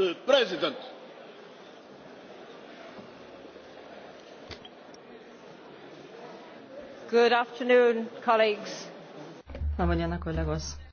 the president. Good afternoon, colleagues. Labą dieną, kolegos.